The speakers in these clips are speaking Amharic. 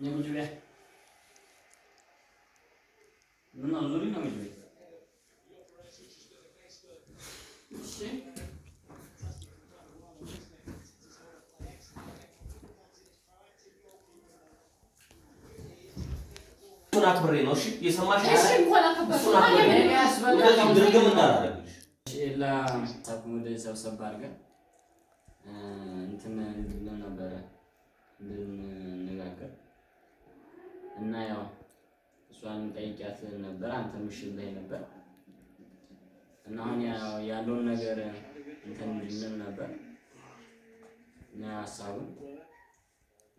Ne mucube? Bundan huzuruyla mucube. İşte. አክብሬ ነው። እሺ የሰማሽ? እሺ እንኳን አከበረ እሱን አክብሬ ነው ያስበላ ድርግም እንዳላረግሽ። እሺ ላ ታቁሙ ደሳብ ሰባርጋ እንትን እና ያው እሷን ጠይቂያት ነበር፣ አንተ ምሽል ላይ ነበር እና አሁን ያለውን ነገር እንትን እንድንል ነበር እና ሀሳቡን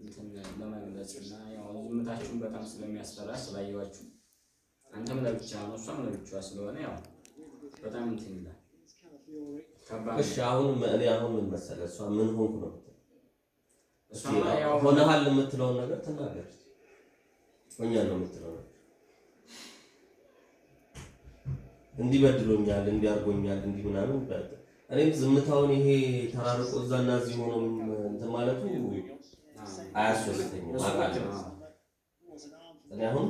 እንትን ለመግለጽ እና ያው ዝምታችሁን በጣም ስለሚያስፈራ ስላየዋችሁ አንተም ለብቻ ነው እሷም ለብቻ ስለሆነ ያው በጣም እንትን ይላል። እሺ አሁን እኔ አሁን ምን መሰለህ እሷ ምን ሆንኩ ነው ሆነሃል የምትለውን ነገር ትናገር ሆኛለሁ የምትለው ነው። እንዲህ በድሎኛል፣ እንዲህ አድርጎኛል፣ እንዲህ ምናምን እኔም ዝምታውን ይሄ ተራርቆ እዛና እዚህ ሆኖ እንትን ማለቱ አያስወስተኝም። አውቃለሁ እኔ አሁን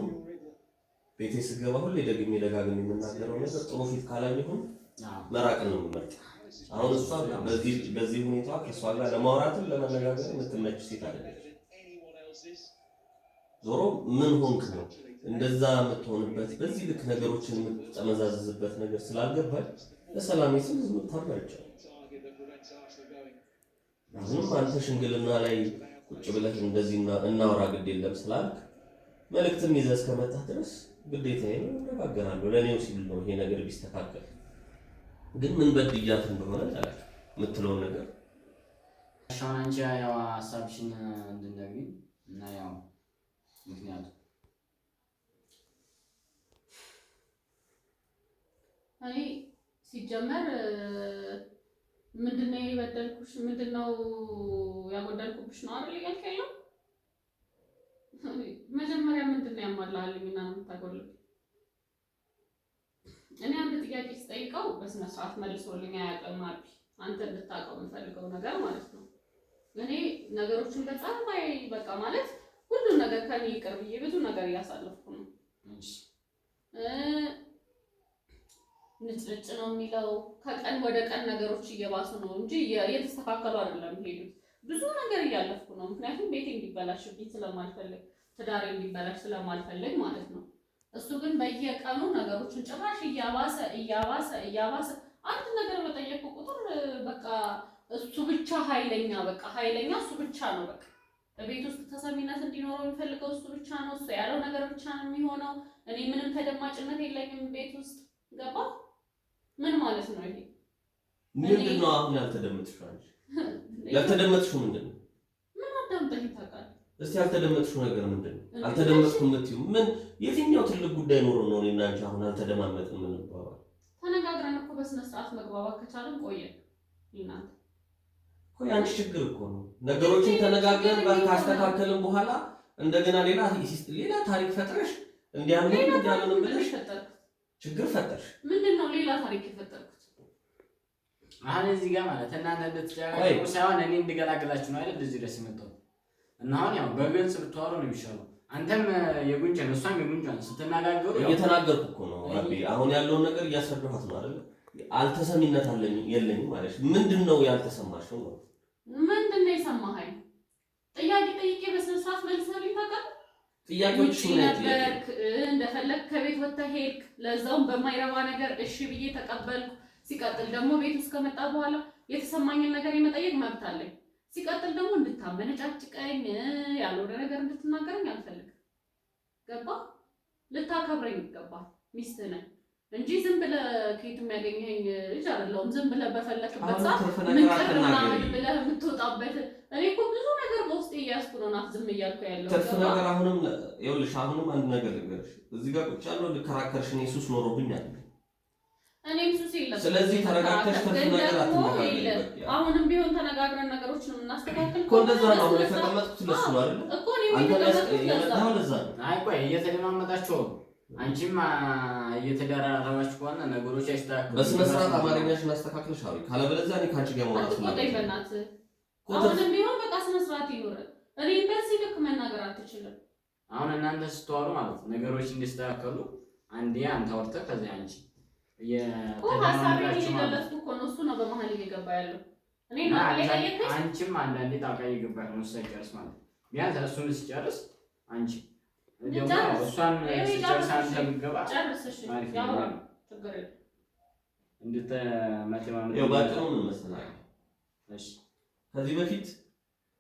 ቤቴ ስገባ ሁሌ ደግሜ ደጋግሜ የምናገረው ነገር ጥሩ ፊት ካላየሁም መራቅ ነው የምመርጠው። አሁን እሷ በዚህ ሁኔታ ከእሷ ጋር ለማውራትም ለመነጋገር የምትመች ሴት አይደለች። ዞሮ ምን ሆንክ ነው እንደዛ የምትሆንበት በዚህ ልክ ነገሮችን የምትጠመዛዝዝበት ነገር ስላልገባኝ ለሰላም ስል ዝም ታምራቸው። አሁንም አንተ ሽንግልና ላይ ቁጭ ብለህ እንደዚህ እናውራ ግድ የለም ስላልክ መልእክትም ይዘህ እስከመጣህ ድረስ ግዴታ እነጋገራለሁ። ለእኔው ሲል ነው ይሄ ነገር ቢስተካከል ግን ምን በድያት እንደሆነ ላላቸው የምትለውን ነገር ሻንጃ ያው ሀሳብሽን እንድነግሪኝ እና ያው ምክንያቱ እኔ ሲጀመር ምንድነው የበደልኩሽ? ምንድነው ያጎደልኩብሽ ነው አይደል እያልክ ያለው? መጀመሪያ ምንድነው ያሟላልኝና ነው የምታጎለው? እኔ አንድ ጥያቄ ስጠይቀው በስነ ስርዓት መልሶልኝ አያውቅም። አቢ አንተ እንድታውቀው የምፈልገው ነገር ማለት ነው እኔ ነገሮችን በጣም በቃ ማለት ሁሉን ነገር ከኔ ይቅር ብዬ ብዙ ነገር እያሳለፍኩ ነው። ንጭንጭ ነው የሚለው ከቀን ወደ ቀን ነገሮች እየባሱ ነው እንጂ እየተስተካከሉ አይደለም ሄዱት። ብዙ ነገር እያለፍኩ ነው። ምክንያቱም ቤቴ እንዲበላሽብኝ ስለማልፈልግ፣ ትዳሬ እንዲበላሽ ስለማልፈልግ ማለት ነው። እሱ ግን በየቀኑ ነገሮችን ጭራሽ እያባሰ እያባሰ እያባሰ አንድ ነገር በጠየቁ ቁጥር በቃ እሱ ብቻ ኃይለኛ በቃ ኃይለኛ እሱ ብቻ ነው በቃ በቤት ውስጥ ተሰሚነት እንዲኖረው የሚፈልገው እሱ ብቻ ነው። እሱ ያለው ነገር ብቻ ነው የሚሆነው። እኔ ምንም ተደማጭነት የለኝም ቤት ውስጥ ገባ። ምን ማለት ነው ይሄ? ምንድን ነው አሁን ያልተደመጥሽው? ያልተደመጥሽው ምንድን ነው? ምን አዳምጠኝ ታውቃለህ? እስቲ ያልተደመጥሽው ነገር ምንድን ነው? አልተደመጥኩም የምትይው ምን? የትኛው ትልቅ ጉዳይ ኖሮ ነው እኔ እና አንቺ አሁን አልተደማመጥንም? ምን ተነጋግረን እኮ በስነ ስርዓት መግባባት ከቻለን ቆየን እናንተ አንቺ ችግር እኮ ነው። ነገሮችን ተነጋግረን ካስተካከልን በኋላ እንደገና ሌላ ሲስት ሌላ ታሪክ ፈጥረሽ እንዲያምን እንዲያምን ብለሽ ችግር ፈጠርሽ። ምንድን ነው ሌላ ታሪክ የፈጠርኩት? አሁን እዚህ ጋር ማለት እናንተ እንደተጨራቀቁ ሳይሆን እኔ እንድገላግላችሁ ነው አይደል? እዚህ ደስ የመጣው እና አሁን ያው በግልጽ ብታወሩ ነው የሚሻለው። አንተም የጉንጭን እሷም የጉንጭን ስትናጋገሩ እየተናገርኩ እኮ ነው። አቢ አሁን ያለውን ነገር እያስረዳኋት ነው አይደል? አልተሰሚነት አለኝ የለኝም ማለት ምንድን ነው ያልተሰማሽው ነው ምንድን ነው የሰማኸኝ? ጥያቄ ጠይቄ በስነ ስርዓት መልሰህልኝ ታውቃለህ? ጥያቄዎች ነበርክ፣ እንደፈለግ ከቤት ወጥተህ ሄድክ፣ ለዛውም በማይረባ ነገር እሺ ብዬ ተቀበልኩ። ሲቀጥል ደግሞ ቤት ውስጥ ከመጣ በኋላ የተሰማኝን ነገር የመጠየቅ መብት አለኝ። ሲቀጥል ደግሞ እንድታመነጫጭቀኝ ያልሆነ ነገር እንድትናገረኝ አልፈልግም። ገባ? ልታከብረኝ ይገባል። ሚስትህ ነህ። እንጂ ዝም ብለህ ከየት የሚያገኘኝ ልጅ አይደለሁም። ዝም ብለህ በፈለክበት ሰዓት ምንቅር ምናምን ብለህ የምትወጣበት እኔ እኮ ብዙ ነገር በውስጤ እያስኩ ነው። ናት ዝም እያልኩ ያለው ትርፍ ነገር። አሁንም ይኸውልሽ፣ አሁንም አንድ ነገር ልንገርሽ። እዚህ ጋር ቁጭ ያለው ልከራከርሽ፣ እኔ ሱስ ኖሮብኝ አለ እኔም ሱስ የለም። ስለዚህ ተረጋግተሽ ትርፍ ነገር አትነጋገር። አሁንም ቢሆን ተነጋግረን ነገሮችን የምናስተካክል እኮ እንደዛ ነው። አሁን የተቀመጥኩት ለሱ ነው አይደለ እኮ እኔ የተቀመጥኩት ለዛ ነው። አይ ቆይ እየተለማመጣቸው ነው አንቺም እየተደራረባችሁ ከሆነ ነገሮች ያስተካክሉ። በስነ ስርዓት አማርኛሽን አስተካክለሽ አውሪ። ካለበለዚያ እኔ ከአንቺ ጋር ማውራት አሁንም ቢሆን በቃ ስነ ስርዓት ይኖራል። እኔ በዚህ ልክ መናገር አትችልም። አሁን እናንተ ስትዋሉ ማለት ነገሮች እንዲስተካከሉ አንዴ አንተ አውርተህ ከዚያ አንቺ ሀሳቤን እየገለጽኩ ነው። አንቺም አንዳንዴ ጣልቃ እየገባሽ ነው። ስትጨርስ ማለት ቢያንስ እሱን ስጨርስ አንቺ እሷን ሲጨርስ አንተ ከዚህ በፊት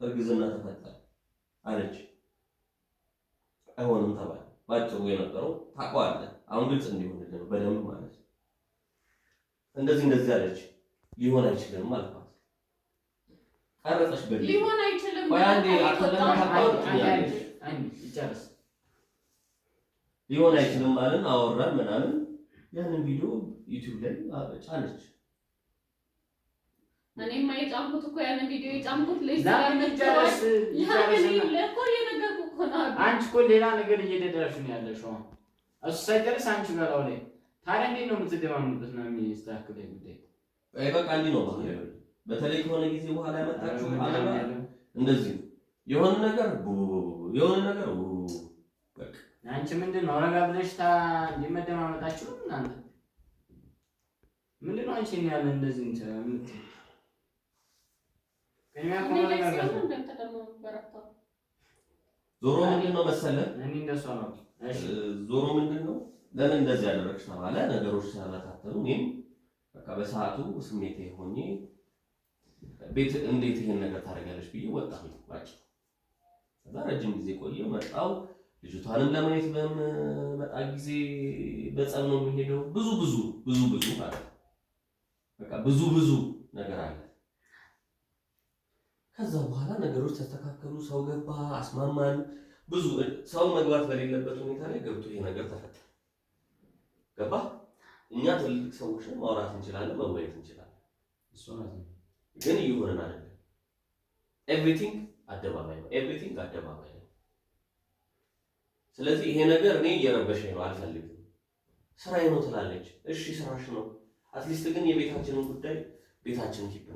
እርግዝና ተፈጠረ አለች፣ አይሆንም ተባለ። ባጭሩ የነበረው ታውቀዋለህ። አሁን ግልጽ እንዲሆንልህ ነው በደንብ ማለት ነው። እንደዚህ እንደዚህ አለች፣ ሊሆን አይችልም አልኳት። ቀረጸች በል ሊሆን አይችልም ሊሆን አይችልም አለን፣ አወራን ምናምን። ያንን ቪዲዮ ዩቲዩብ ላይ ጫነች። እኔማ የጫንኩት እኮ ያንን ቪዲዮ የጫንኩት ልጅ ስለምትጨርስ እኮ ነው። አንቺ እኮ ሌላ ነገር እየደደረሽ ነው ያለሽው። እሱ ሳይደርስ አንቺ በላው ላይ ታዲያ እንዴት ነው የምትደማምኑበት? ነው የሚስተካከል ጉዳይ በቃ እንዲህ ነው። በተለይ ከሆነ ጊዜ በኋላ ያመጣችሁ እንደዚህ የሆነ ነገር የሆነ ነገር በቃ አንቺ ምንድን ነው ረጋ ብለሽ ታ እንዲመደማመጣችሁ እናንተ ምንድን ነው አንቺ እኔ ያለ እንደዚህ እንት የምትይው ቅድሚያ ዞሮ ምንድን ነው መሰለህ እኔ እንደሷ ነው እሺ ዞሮ ምንድን ነው ለምን እንደዚህ ያደረግሽ ተባለ። ነገሮች ተበታተኑ። እኔም በቃ በሰዓቱ ስሜቴ ሆኜ ቤት እንዴት ይሄን ነገር ታደርጊያለሽ ብዬ ወጣሁ። ባጭ ከዛ ረጅም ጊዜ ቆየ መጣው ልጅቷንም ለማየት በመጣ ጊዜ በጸብ ነው የሚሄደው። ብዙ ብዙ ብዙ ብዙ በቃ ብዙ ብዙ ነገር አለ። ከዛ በኋላ ነገሮች ተስተካከሉ። ሰው ገባ፣ አስማማን። ብዙ ሰው መግባት በሌለበት ሁኔታ ላይ ገብቶ ይሄ ነገር ተፈጠረ። ገባ። እኛ ትልልቅ ሰዎችን ማውራት እንችላለን፣ መወያየት እንችላለን። ግን እየሆነን አይደለም። ኤቭሪቲንግ አደባባይ ነው። ኤቭሪቲንግ አደባባይ ነው። ስለዚህ ይሄ ነገር እኔ እየረበሸኝ ነው፣ አልፈልግም። ስራዬ ነው ትላለች። እሺ ስራሽ ነው፣ አትሊስት ግን የቤታችንን ጉዳይ ቤታችን ኪፕ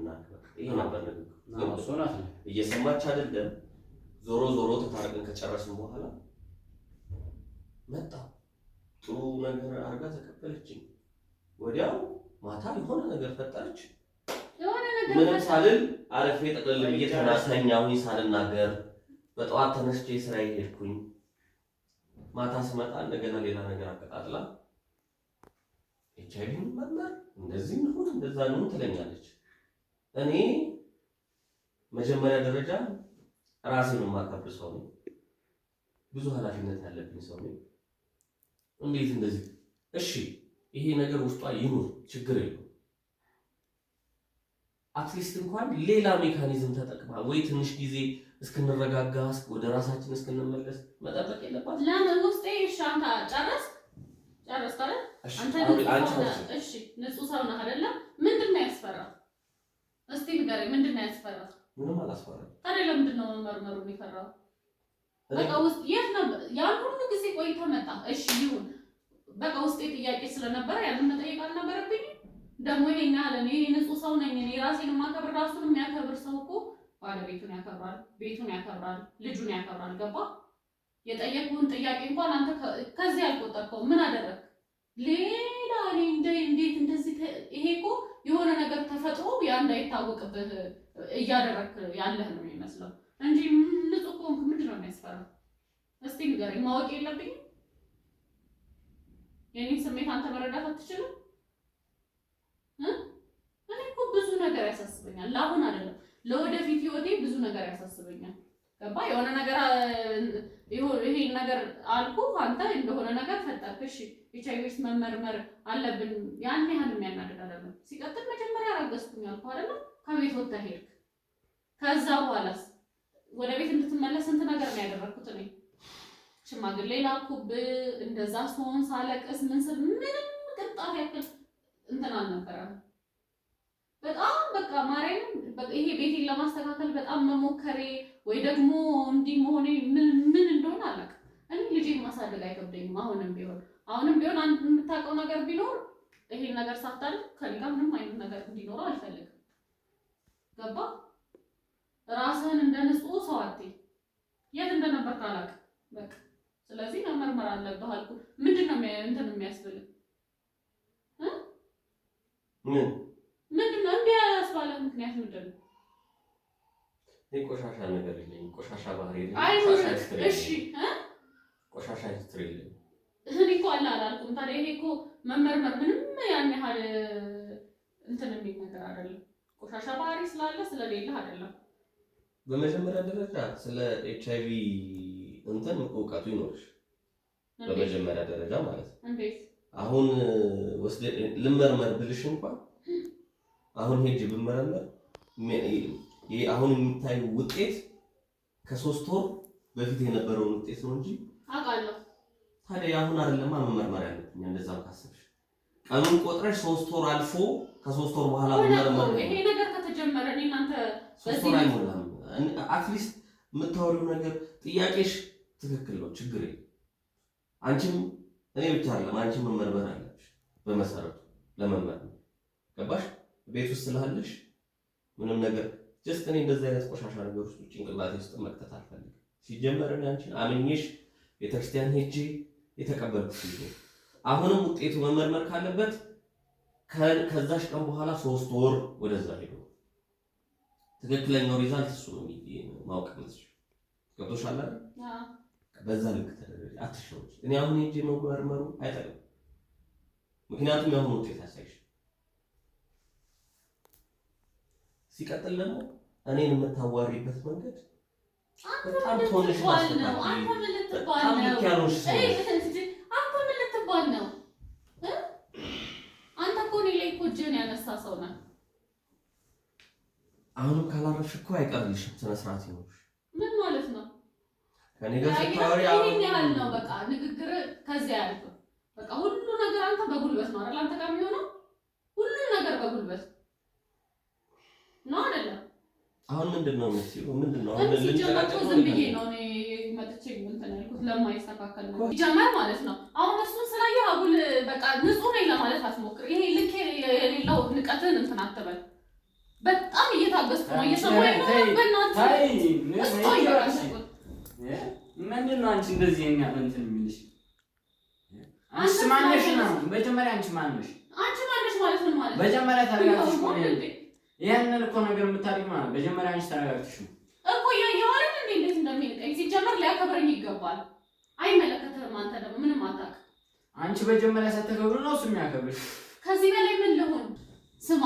ይሄ ነበር ንግግር። እየሰማች አይደለም። ዞሮ ዞሮ ተታርቅን ከጨረስን በኋላ መጣ። ጥሩ ነገር አድርጋ ተቀበለችኝ። ወዲያው ማታ የሆነ ነገር ፈጠረች። ምንም ሳልል አረፌ ጠቅልል ብዬ ተናስተኛ ሳልናገር በጠዋት ተነስቼ ስራ ሄድኩኝ። ማታ ስመጣ እንደገና ሌላ ነገር አቀጣጥላ ኤች አይ እንደዚህ እንሁን እንደዛ እንሁን ትለኛለች። እኔ መጀመሪያ ደረጃ ራሴን የማከብር ሰው ነኝ። ብዙ ኃላፊነት ያለብኝ ሰው ነኝ። እንዴት እንደዚህ እሺ፣ ይሄ ነገር ውስጧ ይኑር ችግር የለውም። አትሊስት እንኳን ሌላ ሜካኒዝም ተጠቅማ ወይ ትንሽ ጊዜ እስክንረጋጋ ወደ ራሳችን እስክንመለስ መጠበቅ የለባት። ለምን ውስጤ እሺ፣ አንተ ጨረስክ ጨረስክ አይደል? አንተ እሺ፣ ንጹህ ሰው ነህ አይደለ? ምንድን ነው ያስፈራ? እስቲ ንገረኝ፣ ምንድን ነው ያስፈራ? ምንም አላስፈራም። ታዲያ ለምንድን ነው መመርመሩ የሚፈራው? በቃ ውስጥ የት ነው ያን ሁሉ ጊዜ ቆይቶ መጣ። እሺ ይሁን፣ በቃ ውስጤ ጥያቄ ስለነበረ ያንን መጠየቅ አልነበረብኝም። ደግሞ ይሄን ያህል እኔ ንጹህ ሰው ነኝ፣ እኔ ራሴን የማከብር ራሱን የሚያከብር ሰው እኮ ባለቤቱን ያከብራል፣ ቤቱን ያከብራል፣ ልጁን ያከብራል። ገባ? የጠየቁን ጥያቄ እንኳን አንተ ከዚህ ያልቆጠርከው ምን አደረግ ሌላ እኔ እንዴት እንደዚህ ይሄ እኮ የሆነ ነገር ተፈጥሮ ያ እንዳይታወቅብህ እያደረግክ ያለህ ነው የሚመስለው እንጂ ንጹህ እኮ ምንድን ነው የሚያስፈራ? እስቲ ንገረኝ። ማወቅ የለብኝ የኔን ስሜት አንተ መረዳት አትችልም? እኔ እኮ ብዙ ነገር ያሳስበኛል። ለአሁን አይደለም ለወደፊት ህይወቴ ብዙ ነገር ያሳስበኛል። ገባ የሆነ ነገር ይሄ ነገር አልኩ አንተ እንደሆነ ነገር ፈጠርክሽ ኤች አይ ቪስ መመርመር አለብን። ያን ያህል የሚያናድድ አይደለም። ሲቀጥል መጀመሪያ ያረገዝኩኝ አልኩ አይደለ? ከቤት ወጥተህ ሄድክ። ከዛ በኋላስ ወደ ቤት እንድትመለስ ስንት ነገር ነው ያደረግኩት እኔ ሽማግሌ ላኩብ እንደዛ ሶን ሳለቅስ ምን ማርያም ይሄ ቤቴን ለማስተካከል በጣም መሞከሬ ወይ ደግሞ እንዲህ መሆኔ ምን እንደሆነ አላውቅም። እኔ ልጄን ማሳደግ አይከብደኝም። አሁንም ቢሆን አሁንም ቢሆን አንድ የምታውቀው ነገር ቢኖር ይሄን ነገር ሳታደርግ ከኔ ጋር ምንም አይነት ነገር እንዲኖረው አልፈልግም። ገባ? ራስህን እንደ ንጹህ ሰው አትይ። የት እንደነበር አላውቅም። በቃ ስለዚህ መመርመር አለብህ አልኩህ። ምንድን ነው እንትን የሚያስብልህ የተባለ ምክንያት ምንድን ነው? ቆሻሻ ነገር የለኝም። ቆሻሻ ባህሪ ቆሻሻ ስትር የለኝም። እኔ እኮ አለ አላልኩም። ታዲያ ይሄ እኮ መመርመር ምንም ያን ያህል እንትን የሚል ነገር አይደለም። ቆሻሻ ባህሪ ስላለ ስለሌለ አይደለም። በመጀመሪያ ደረጃ ስለ ኤች አይቪ እንትን እውቀቱ ይኖርሽ በመጀመሪያ ደረጃ ማለት ነው። አሁን ወስደ ልመርመር ብልሽ እንኳን አሁን ሄጅ ብመረመር ይሄ አሁን የሚታዩ ውጤት ከሶስት ወር በፊት የነበረውን ውጤት ነው እንጂ አውቃለሁ። ታዲያ አሁን አይደለማ መመርመር ያለብኝ። እንደዛም ካሰብሽ ቀኑን ቆጥረሽ ሶስት ወር አልፎ ከሶስት ወር በኋላ መመርመር ይሄ ነገር ከተጀመረ እኔ እናንተ በዚህ አትሊስት የምታወሪው ነገር ጥያቄሽ ትክክል ነው፣ ችግር የለም። አንቺም እኔ ብቻ አይደለም አንቺም መመርመር አለብሽ። በመሰረቱ ለመመርመር ገባሽ ቤት ውስጥ ስላለሽ ምንም ነገር ጀስት እኔ እንደዚህ አይነት ቆሻሻ ነገር ውስጥ ጭንቅላቴ ውስጥ መክተት አልፈልግም። ሲጀመር እኔ አንቺን አምኜሽ ቤተክርስቲያን ሄጄ የተቀበልኩት ነው። አሁንም ውጤቱ መመርመር ካለበት ከዛሽ ቀን በኋላ ሶስት ወር ወደዛ ሄዶ ትክክለኛው ሪዛልት እሱ ነው ማወቅ መስሽ ገብቶሻል አይደል? በዛ ልክ ተደረገ አትሸውጭ። እኔ አሁን ሄጄ መመርመሩ አይጠቅም፣ ምክንያቱም የአሁኑ ውጤት ያሳይሽ ሲቀጥል ደግሞ እኔን የምታዋሪበት መንገድ በጣም ትሆንሽ ነው። አንተ ምን ልትባል ነው? አንተ እኮ እኔ ላይ እኮ እጅህን ያነሳ ሰው ነህ። አሁንም ካላረፍሽ እኮ አይቀርልሽም። ስነ ስርዓት ይኖርሽ። ምን ማለት ነው? ከኔ ጋር ስታወሪ ይሄን ያህል ነው። በቃ ንግግር ከዚያ ያልፍ። በቃ ሁሉ ነገር አንተ በጉልበት ነው አይደል? አንተ ጋር የሚሆነው ሁሉ ነገር በጉልበት ነው አይደለም? አሁን ምንድን ነው የምትይው? ምንድን ነው አሁን ልንጨራጨው? ዝም ብዬ ነው እኔ መጥቼ እንትን ያልኩት ለማይስተካከል ነው ይጀመር ማለት ነው። አሁን እሱን ስላየህ አጉል በቃ ንጹህ ነኝ ለማለት አትሞክር። ይሄ ልክ የሌለው ንቀትን እንትን አትበል። በጣም እየታገስኩ ነው እየሰማኝ ነው። በእናትህ ምንድን ነው አንቺ እንደዚህ የሚያል እንትን የሚልሽ? አንቺ ማነሽ ነው መጀመሪያ? አንቺ ማነሽ? አንቺ ማነሽ ማለት ነው ማለት መጀመሪያ ታሪያ ትሽቆ ይህንን እኮ ነገር የምታደርጊው ማለት መጀመሪያ አንቺ ተረጋግተሽ ነው እኮ የዋረን እንዴ እንዴት እንደሚልቀኝ ሲጀመር ሊያከብረኝ ይገባል። አይመለከትም። አንተ ደግሞ ምንም አታውቅም። አንቺ መጀመሪያ ሳትከብሩ ነው እሱ የሚያከብርሽ። ከዚህ በላይ ምን ልሆን? ስማ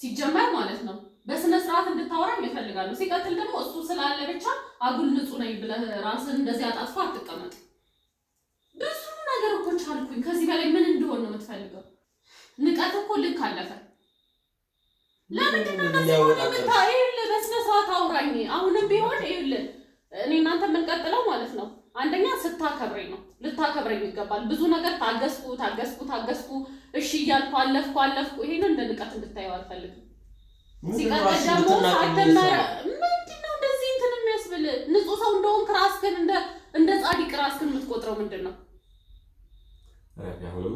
ሲጀመር ማለት ነው በስነ ስርዓት እንድታወራ ይፈልጋሉ። ሲቀጥል ደግሞ እሱ ስላለ ብቻ አጉል ንጹህ ነኝ ብለህ ራስን እንደዚህ አጣጥፎ አትቀመጥ። ብዙ ነገር እኮ ቻልኩኝ። ከዚህ በላይ ምን እንደሆን ነው የምትፈልገው? ንቀት እኮ ልክ አለፈ። ለምንድነው በስነ ስርዓት አውራኝ። አሁንም ቢሆን ይኸውልህ፣ እኔ እናንተ የምንቀጥለው ማለት ነው አንደኛ ስታከብረኝ ነው ልታከብረኝ ይገባል። ብዙ ነገር ታገስኩ ታገስኩ ታገስኩ እሺ እያልኩ አለፍኩ አለፍኩ። ይሄንን እንደ ንቀት እንድታየው አልፈልግም። ሲቀጥል ደግሞ ሳትመረ ምንድነው እንደዚህ እንትን የሚያስብል ንጹህ ሰው እንደሆንክ ራስህን እንደ ጻድቅ ራስህን የምትቆጥረው ምንድን ነው? እሱን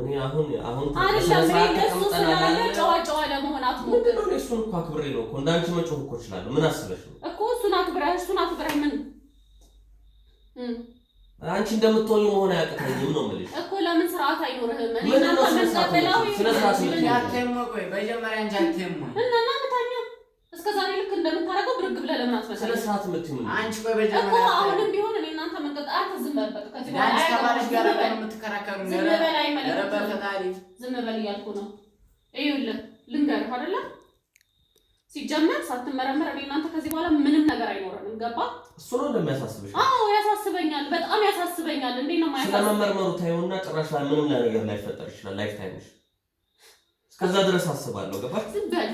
እኮ አክብሬ ነው እኮ እንዳንቺ መጮህ እኮ እችላለሁ። ምን አስበሽ ነው እኮ እሱን አክብረህ እሱን አክብረህ ምን አንቺ እንደምትሆኝ መሆን አያቅተኝም ነው የምልሽ እኮ። ለምን ስርዓት አይኖርህም? እና እስከ ዛሬ ልክ እንደምታደርገው ብርግ ብለህ ለምን አትመጣም? ስለ ስርዓት የምትይው አንቺ እኮ አሁንም ቢሆን እኔ እናንተ መንቀጣት ዝም በኋላ ዝም በል እያልኩ ነው። ይኸውልህ ልንገርህ አይደለ ሲጀመር ሳትመረመር እኔ እናንተ ከዚህ በኋላ ምንም ነገር አይኖረንም። ገባ? እሱ ነው እንደሚያሳስብሽ? አዎ ያሳስበኛል፣ በጣም ያሳስበኛል። እንዴት ነው የማያሳስበው? ስለመመርመሩ ታየውና ጭራሽ ላይ ምንም ነገር ላይፈጠር ይችላል። ላይፍ ታይምሽ እስከዛ ድረስ አስባለሁ። ገባ? ዝም በል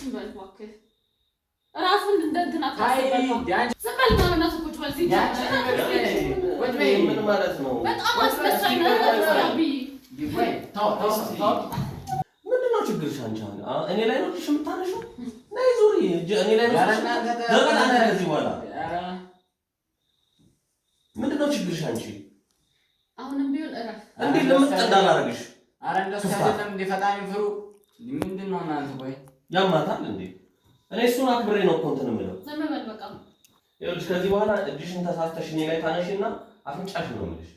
ዝም በል እባክህ ራሱን ነው? በጣም አስመሳይ ነው። ምንድን ነው ችግርሽ? አንቺ እኔ ላይ ነው የምታነሺው? ነይ ዙሪ እኔ ላይ ነው ከዚህ በኋላ ምንድን ነው ችግርሽ? አንቺ አሁንም ቢሆን እረፍ። እንዴት ለምትጠዳ ላደርግሽ? ኧረ እንደሱ አይደለም። ፈጣሪ ፍሩ። ምንድን ነው እናንተ? ቆይ ያማታል እንዴ? እኔ እሱን አክብሬ ነው እኮ እንትን የምለው። ዝም በል በቃ። ይኸውልሽ ከዚህ በኋላ እጅሽን ተሳስተሽ እኔ ላይ ታነሽና አፍንጫሽ ነው የምልሽ።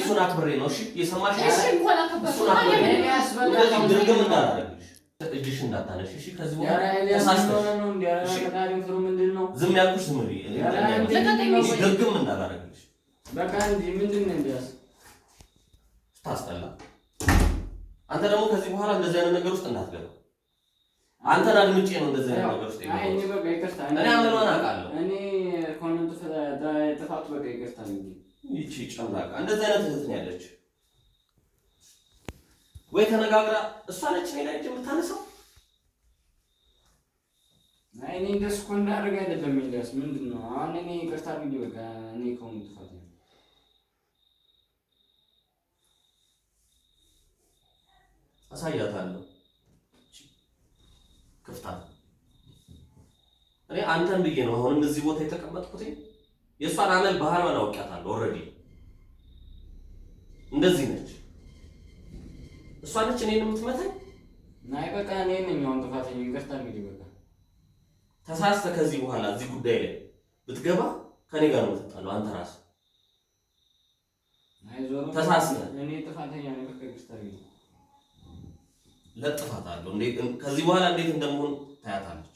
እሱን አክብሬ ነው እሺ። የሰማሽ እሱን ድርግም እንዳላደረግሽ እጅሽ እንዳታነሽ እሺ። ከዚህ በኋላ ዝም ያልኩሽ ዝም ድርግም እንዳላደረግሽ በቃ። እንዲህ ምንድን ነው እንዲያስ አንተ ደግሞ ከዚህ በኋላ እንደዚህ አይነት ነገር ውስጥ እንዳትገባ። አንተን አድምጬ ነው እንደዚህ አይነት ነገር ውስጥ ይገባ። እኔ በቃ ይቅርታ፣ እኔ አምልሆን አውቃለሁ። እኔ ኮመንት ጥፋቱ በቃ ይቅርታ ነው። ይቺ ጨምላቃ እንደዚህ አይነት እህት ነው ያለች ወይ ተነጋግራ እሷ ነች ላይ ላይ የምታነሳው። እኔ እንደሱ እኮ እንዳደርግ አይደለም። ይላስ ምንድን ነው አሁን እኔ ይቅርታ ብዬ በቃ እኔ ከሆኑ ጥፋት አሳያታለሁ። ክፍታት እኔ አንተን ብዬ ነው አሁንም እዚህ ቦታ የተቀመጥኩት። የእሷን አመል ባህሪዋን ኦልሬዲ እንደዚህ ነች። እሷ ነች እኔን የምትመታኝ። ናይ በቃ እኔ ነኝ አሁን ጥፋተኛ። ይቅርታ እንግዲህ በቃ ከዚህ በኋላ እዚህ ጉዳይ ላይ ብትገባ ከኔ ጋር ነው የምትጣለው አንተ ራስህ እኔ ጥፋተኛ ነኝ በቃ ይቅርታ ለጥፋታለሁ። ከዚህ በኋላ እንዴት እንደምሆን ታያታለች።